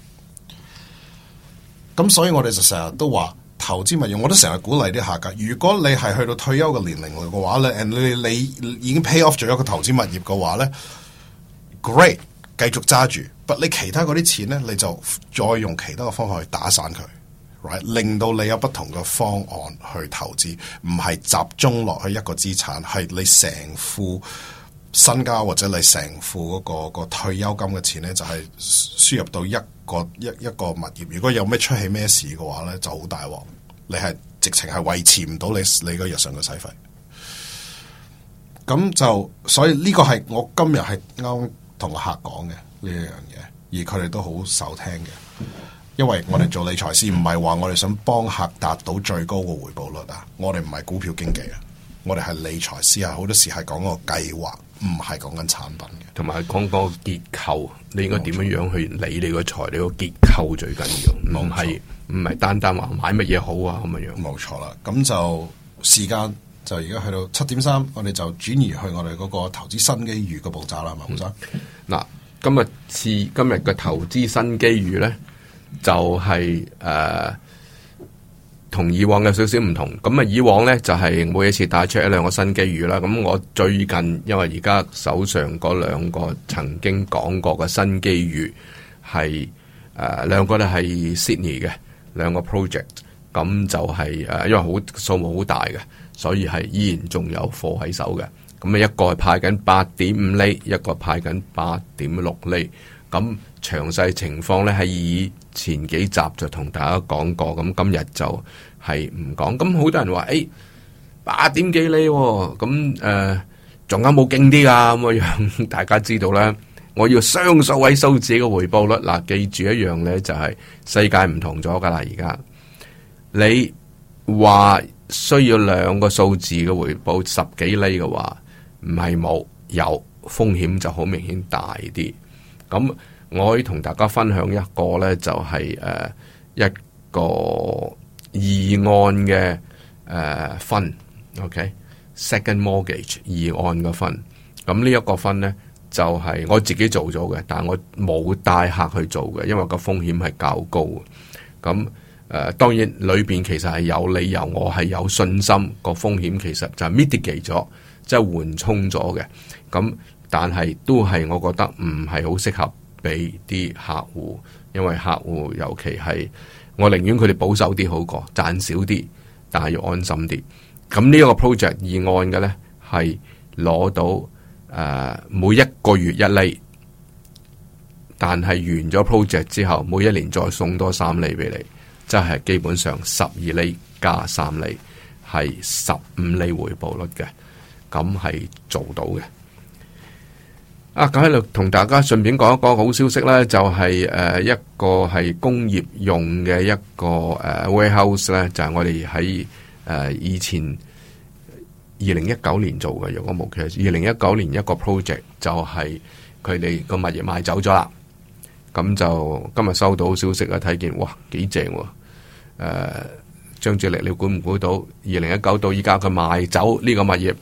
咁所以我哋就成日都話投資物業，我都成日鼓勵啲客噶。如果你係去到退休嘅年齡嚟嘅話咧，and 你你已經 pay off 咗一個投資物業嘅話咧，great，繼續揸住。但你其他嗰啲錢咧，你就再用其他嘅方法去打散佢，right？令到你有不同嘅方案去投資，唔係集中落去一個資產，係你成副。身家或者你成戶嗰個退休金嘅錢呢，就係輸入到一個一一個物業。如果有咩出起咩事嘅話呢，就好大鑊。你係直情係維持唔到你你個日常嘅使費。咁就所以呢個係我今日係啱同客講嘅呢一樣嘢，而佢哋都好受聽嘅。因為我哋做理財師，唔係話我哋想幫客達到最高嘅回報率啊。我哋唔係股票經紀啊，我哋係理財師啊。好多時係講個計劃。唔係講緊產品嘅，同埋講個結構，錯你應該點樣樣去理你個材料個結構最緊要，唔係唔係單單話買乜嘢好啊咁錯樣。冇錯啦，咁就時間就而家去到七點三，我哋就轉移去我哋嗰個投資新機遇個步驟啦，係嘛，唔該、嗯。嗱，今日次今日嘅投資新機遇咧，就係、是、誒。呃同以往的有少少唔同，咁啊以往呢，就係每一次帶出一兩個新機遇啦。咁我最近因為而家手上嗰兩個曾經講過嘅新機遇，係誒兩個咧係 Sydney 嘅兩個 project，咁就係、誒、因為好數目好大嘅，所以係依然仲有貨喺手嘅。咁啊一個係派緊八點五厘，一個派緊八點六厘。咁詳細情況呢係以前幾集就同大家講過，咁今日就係唔講。咁好多人話，哎、欸，八點幾釐，哦？咁誒，仲、呃、有冇勁啲啊！咁樣大家知道啦，我要雙數位數字嘅回報率。嗱，記住一樣咧，就係、是、世界唔同咗噶啦。而家你話需要兩個數字嘅回報十幾厘嘅話，唔係冇有，有風險就好明顯大啲咁。我可以同大家分享一個呢，就係誒一個二按嘅誒 fund，OK，second、okay? mortgage 二按嘅 fund。咁呢一個 fund 呢，就係我自己做咗嘅，但我冇帶客去做嘅，因為個風險係較高。咁誒，當然裏邊其實係有理由，我係有信心個風險其實就係 mitigate 咗，即、就、係、是、緩衝咗嘅。咁但係都係，我覺得唔係好適合。俾啲客戶，因為客戶尤其係，我寧願佢哋保守啲好過賺少啲，但係要安心啲。咁呢個 project 議案嘅呢，係攞到誒、呃、每一個月一厘，但係完咗 project 之後，每一年再送多三厘俾你，即係基本上十二厘加三厘係十五厘回報率嘅，咁係做到嘅。啊！咁喺度同大家順便講一講好消息咧，就係誒一個係工業用嘅一個誒 warehouse 咧，就係我哋喺誒以前二零一九年做嘅，如果冇錯，二零一九年一個 project 就係佢哋個物業賣走咗啦。咁就今日收到消息啊，睇見哇幾正喎！誒，張志力，你估唔估到二零一九到依家佢賣走呢個物業？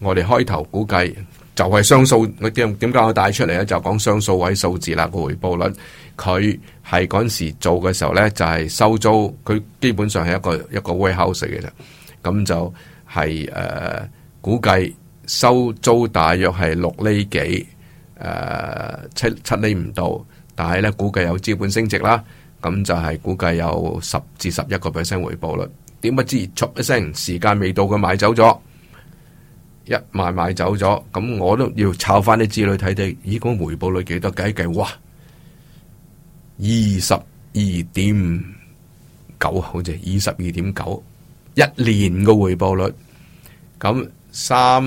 我哋開頭估計。就係雙數，點解我帶出嚟咧？就講雙數位數字啦，個回報率佢係嗰陣時做嘅時候咧，就係、是、收租，佢基本上係一個一個 warehouse 嚟嘅啫。咁就係、是、誒、呃、估計收租大約係六厘幾誒、呃、七七厘唔到，但係咧估計有資本升值啦，咁就係估計有十至十一個 percent 回報率。點不知出一聲，時間未到佢買走咗。一賣賣走咗，咁我都要炒返啲資料睇睇，咦，個回報率幾多計一計，哇，二十二點九，好似二十二點九，9, 一年個回報率，咁三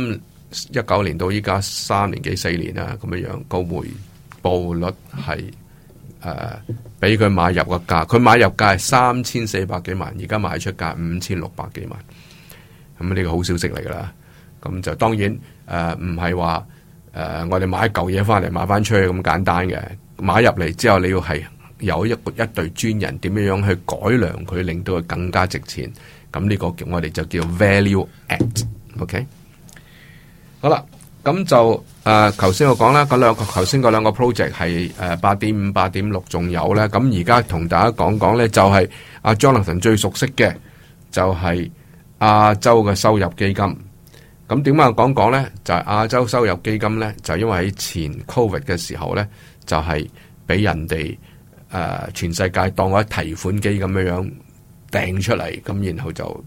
一九年到依家三年幾四年啦，咁樣樣個回報率係誒，俾、呃、佢買入個價，佢買入價係三千四百幾萬，而家賣出價五千六百幾萬，咁呢個好消息嚟噶啦。咁就當然誒，唔係話誒，我哋買一舊嘢翻嚟賣翻出去咁簡單嘅，買入嚟之後你要係有一一隊專人點樣樣去改良佢，令到佢更加值錢。咁呢個我哋就叫 value add，OK？好啦，咁就誒，頭、呃、先我講啦，嗰兩個頭先嗰兩個 project 係誒八點五、八點六仲有咧。咁而家同大家講講呢，就係、是、阿、啊、Jonathan 最熟悉嘅，就係亞洲嘅收入基金。咁點解我講講咧，就係、是、亞洲收入基金咧，就因為喺前 Covid 嘅時候咧，就係、是、俾人哋、呃、全世界當咗提款機咁樣樣掟出嚟，咁然後就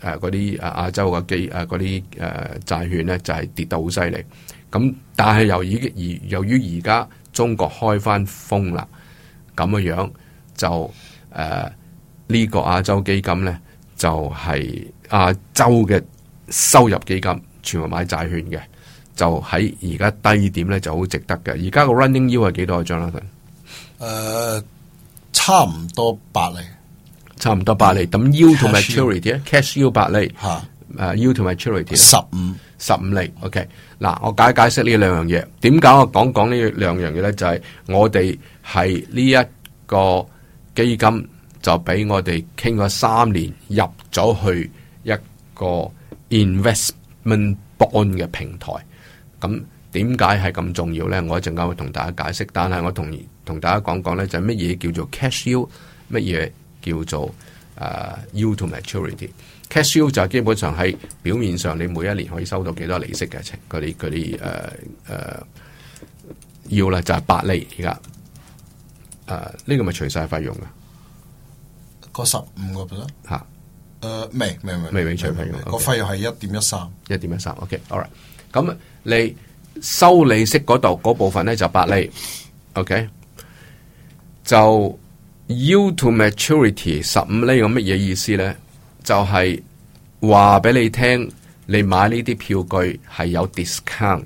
嗰啲、呃、亞洲嘅基誒嗰啲誒債券咧，就係、是、跌到好犀利。咁但係而由於而家中國開翻風啦，咁嘅樣就呢、呃，這個亞洲基金咧，就係、是、亞洲嘅。收入基金全部買債券嘅，就喺而家低點咧就好值得嘅。而家個 running yield 係幾多啊，張立頓？誒，差唔多八厘，差唔多八厘。咁 yield to maturity 咧，Cash and maturity, yield you .八厘吓，誒，yield to maturity 十五十五厘。OK，嗱，我解解釋呢兩樣嘢，點解我講講呢兩樣嘢咧？就係、是、我哋係呢一個基金就們，就俾我哋傾咗三年入咗去一個。investment bond 嘅平台，咁點解係咁重要咧？我一陣間會同大家解釋，但係我同同大家講講咧，就乜嘢叫做 cash yield，乜嘢叫做誒、uh, yield to maturity。cash yield 就係基本上喺表面上你每一年可以收到幾多利息嘅程，佢哋誒誒要咧就係八厘而家，誒、uh, 呢個咪除晒費用啊，個十五個 percent 吓。誒，明明明，明明個費用係一點一三，一點一三。未 OK，alright，、okay, okay, 咁你收利息嗰度嗰部分咧就八厘，OK，就 Yield to maturity 十五厘。咁乜嘢意思咧？就係話俾你聽，你買呢啲票據係有 discount。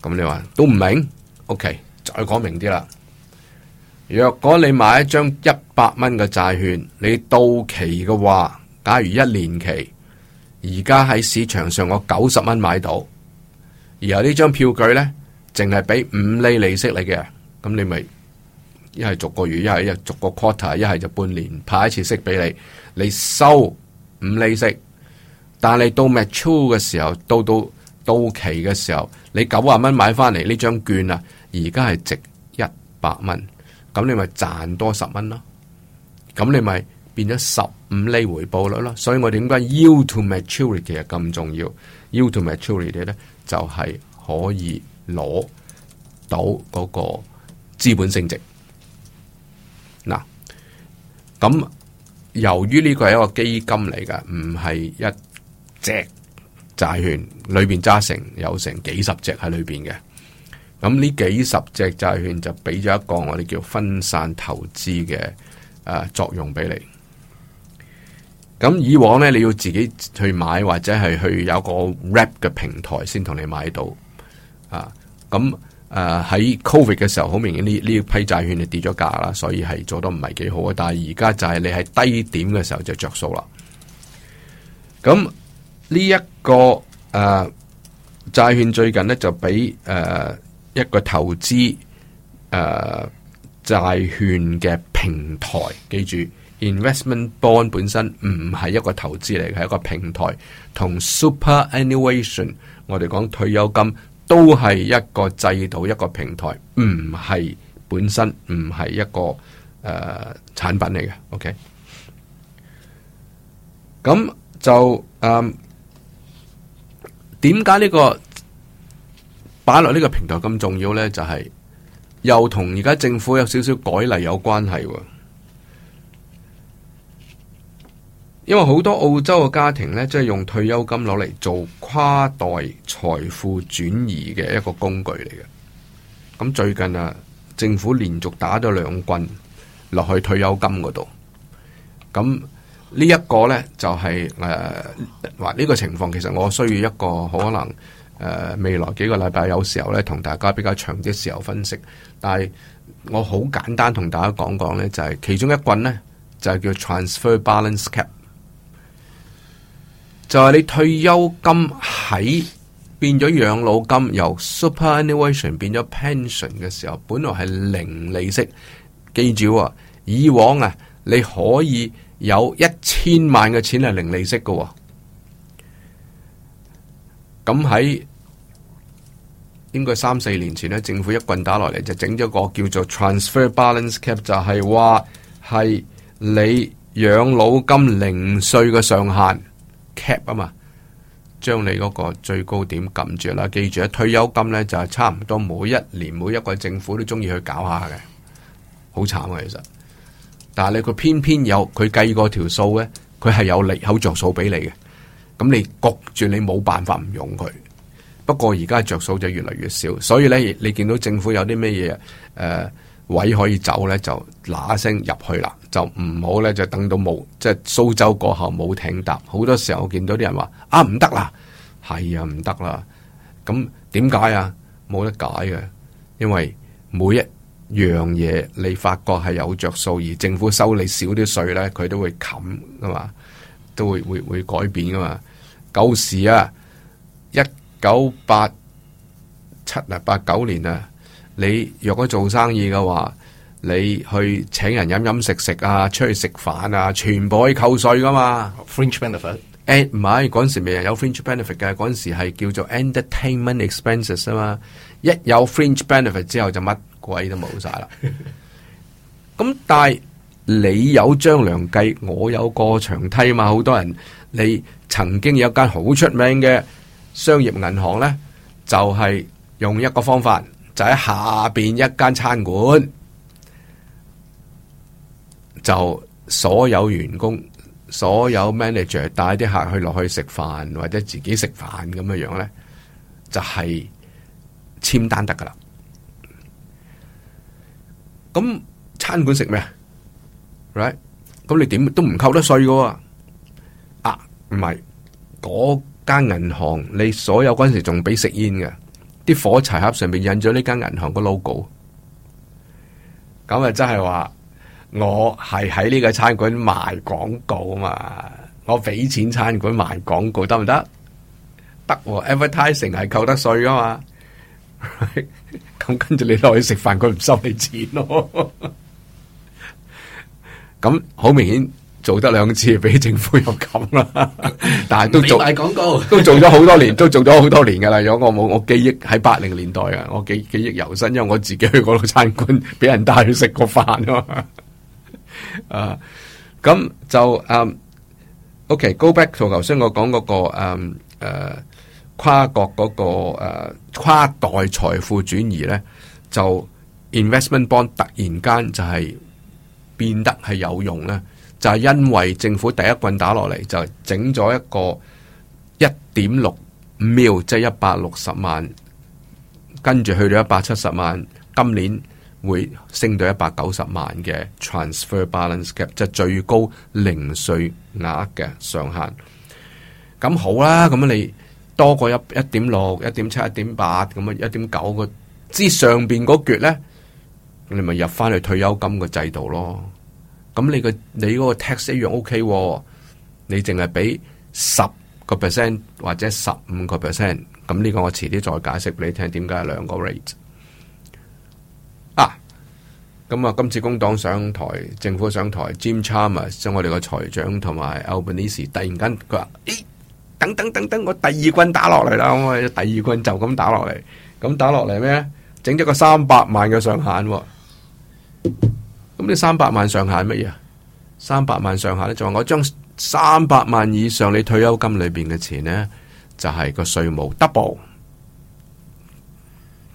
咁你話都唔明？OK，再講明啲啦。若果你買一張一百蚊嘅債券，你到期嘅話，假如一年期，而家喺市場上我九十蚊買到，然後呢張票據呢，淨係俾五厘利息你嘅，咁你咪一係逐個月，一係一逐個 quarter，一係就半年派一次息俾你，你收五厘息，但係你到 mature 嘅時候，到到到期嘅時候，你九啊蚊買翻嚟呢張券啊，而家係值一百蚊。咁你咪賺多十蚊咯，咁你咪變咗十五厘回報率咯，所以我哋點解 Yield to maturity 其實咁重要？Yield to maturity 咧就係可以攞到嗰個資本升值。嗱，咁由於呢個係一個基金嚟㗎，唔係一隻債券裏邊揸成有成幾十隻喺裏邊嘅。咁呢幾十隻債券就俾咗一個我哋叫分散投資嘅誒作用俾你。咁以往呢，你要自己去買或者係去有個 wrap 嘅平台先同你買到啊。咁、啊、誒喺 Covid 嘅時候好明顯呢，呢批債券係跌咗價啦，所以係做得唔係幾好啊。但係而家就係你係低點嘅時候就着數啦。咁呢一個誒債券最近呢，就俾誒。一個投資誒債券嘅平台，記住，Investment Bond 本身唔係一個投資嚟嘅，係一個平台。同 Superannuation，我哋講退休金都係一個制度，一個平台，唔係本身，唔係一個誒、呃、產品嚟嘅。OK，咁就誒，點解呢個？擺落呢個平台咁重要呢，就係又同而家政府有少少改例有關係，因為好多澳洲嘅家庭呢，即係用退休金攞嚟做跨代財富轉移嘅一個工具嚟嘅。咁最近啊，政府連續打咗兩棍落去退休金嗰度，咁呢一個呢，就係誒，話呢個情況，其實我需要一個可能。誒，未來幾個禮拜有時候咧，同大家比較長啲時候分析，但係我好簡單同大家講講呢，就係、是、其中一棍呢，就係叫 transfer balance cap，就係你退休金喺變咗養老金，由 superannuation 變咗 pension 嘅時候，本來係零利息，記住啊、哦，以往啊，你可以有一千萬嘅錢係零利息嘅、哦，咁喺。應該三四年前咧，政府一棍打落嚟就整咗個叫做 transfer balance cap，就係話係你養老金零稅嘅上限 cap 啊嘛，將你嗰個最高點撳住啦。記住啊，退休金咧就係差唔多每一年每一季政府都中意去搞下嘅，好慘啊其實。但係你佢偏偏有佢計過條數咧，佢係有利口數著數俾你嘅，咁你焗住你冇辦法唔用佢。不過而家着數就越嚟越少，所以咧你見到政府有啲咩嘢，誒位可以走咧，就嗱一聲入去啦，就唔好咧就等到冇，即係蘇州過後冇艇搭。好多時候我見到啲人話啊唔得啦，係啊唔得啦，咁點解啊？冇得解嘅，因為每一樣嘢你發覺係有着數，而政府收你少啲稅咧，佢都會冚噶嘛，都會會會改變噶嘛。舊時啊。九八七啊，八九年啊，你若果做生意嘅話，你去請人飲飲食食啊，出去食飯啊，全部可以扣稅噶嘛。Fringe benefit？誒，唔係，嗰陣時未有 fringe benefit 嘅，嗰陣時係叫做 entertainment expenses 啊嘛。一有 fringe benefit 之後就乜鬼都冇晒啦。咁 (laughs) 但係你有張良計，我有個長梯嘛。好多人，你曾經有間好出名嘅。商業銀行呢，就係、是、用一個方法，就喺下邊一間餐館，就所有員工、所有 manager 帶啲客去落去食飯，或者自己食飯咁嘅樣呢，就係、是、簽單得噶啦。咁餐館食咩啊？Right？咁你點都唔扣得稅嘅喎？啊，唔係嗰。那個間銀行，你所有嗰陣時仲俾食煙嘅，啲火柴盒上面印咗呢間銀行個 logo。咁啊真係話，我係喺呢個餐館賣廣告啊嘛，我俾錢餐館賣廣告得唔得？得、啊、，Advertising 係扣得稅噶嘛。咁、right？跟住你落去食飯，佢唔收你錢咯、啊。咁 (laughs) 好明顯。做得兩次俾政府又噉啦，但係都做廣告，都做咗好多年， (laughs) 都做咗好多年噶啦。如果我冇我記憶喺八零年代啊，我記記憶猶新，因為我自己去嗰個餐館俾人帶去食個飯咯。 (laughs) 啊，咁就啊、um，OK，go、okay, back 到頭先我講嗰、那個誒、um, uh, 跨國嗰、那個、uh, 跨代財富轉移咧，就 investment bond 突然間就係變得係有用咧。就係因為政府第一棍打落嚟，就整咗一個一點六五 mil 即係一百六十萬，跟住去到一百七十萬，今年會升到一百九十萬嘅 transfer balance cap，即係最高零稅額嘅上限。咁好啦，咁你多過一一點六、一點七、一點八咁啊，一點九個之上邊嗰橛呢？你咪入翻去退休金嘅制度咯。咁你，的你個你個 tax 一樣 OK，、哦、你淨係俾十個 percent 或者十五個 percent，咁呢個我遲啲再解釋俾你聽，點解兩個 rate 啊？咁啊，今次工黨上台，政府上台，Jim Chalmers 將我哋個財長同埋 Albanese 突然間佢話：咦、欸，等等等等，我第二棍打落嚟啦，我第二棍就咁打落嚟，咁打落嚟咩？整咗個三百萬嘅上限、哦。咁你三百萬上下係乜嘢？三百萬上下咧，就我將三百萬以上你退休金裏邊嘅錢呢，就係、是、個稅務 double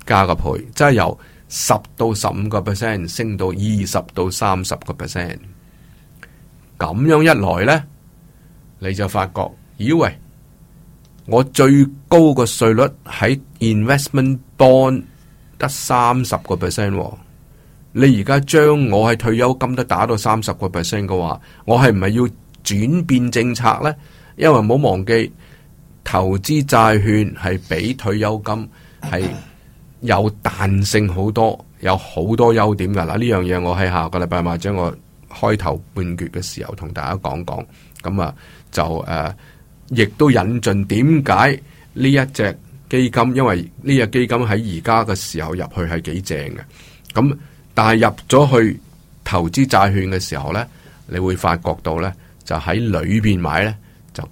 加個倍，即、就、係、是、由十到十五個 percent 升到二十到三十個 percent。咁樣一來呢，你就發覺，咦喂，我最高個稅率喺 investment bond 得三十個 percent。你而家將我喺退休金都打到三十個 percent 嘅話，我係唔係要轉變政策呢？因為唔好忘記，投資債券係比退休金係有彈性好多，有好多優點㗎嗱。呢樣嘢我喺下個禮拜晚將我開頭判決嘅時候同大家講講，咁啊就誒、啊、亦都引進點解呢一隻基金，因為呢隻基金喺而家嘅時候入去係幾正嘅咁。這但係入咗去投資債券嘅時候呢，你會發覺到呢，就喺裏面買呢。就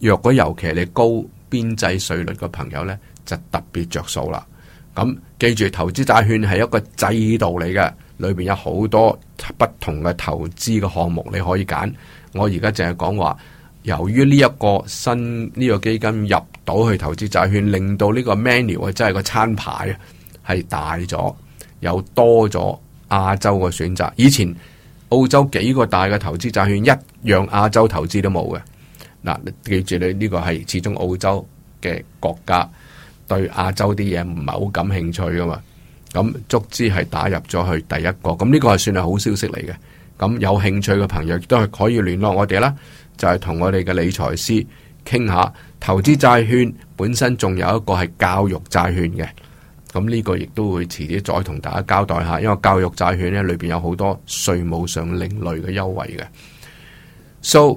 若果尤其係你高邊際稅率嘅朋友呢，就特別着數啦。咁記住，投資債券係一個制度嚟嘅，裏面有好多不同嘅投資嘅項目你可以揀。我而家淨係講話，由於呢一個新呢個基金入到去投資債券，令到呢個 menu 啊，即係個餐牌啊，係大咗。有多咗亞洲嘅選擇，以前澳洲幾個大嘅投資債券，一樣亞洲投資都冇嘅。嗱，記住你呢個係始終澳洲嘅國家對亞洲啲嘢唔係好感興趣噶嘛。咁足之係打入咗去第一個，咁呢個係算係好消息嚟嘅。咁有興趣嘅朋友亦都係可以聯絡我哋啦，就係同我哋嘅理財師傾下。投資債券本身仲有一個係教育債券嘅。咁呢個亦都會遲啲再同大家交代下，因為教育債券呢裏邊有好多稅務上另類嘅優惠嘅。So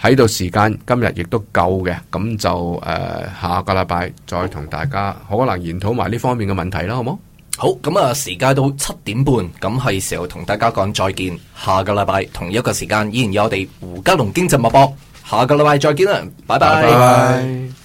喺度時間今日亦都夠嘅，咁就誒、呃、下個禮拜再同大家可能研討埋呢方面嘅問題啦，好冇？好，咁啊時間到七點半，咁係時候同大家講再見。下個禮拜同一個時間依然有我哋胡嘉龍經濟脈搏。下個禮拜再見啦，拜拜。Bye bye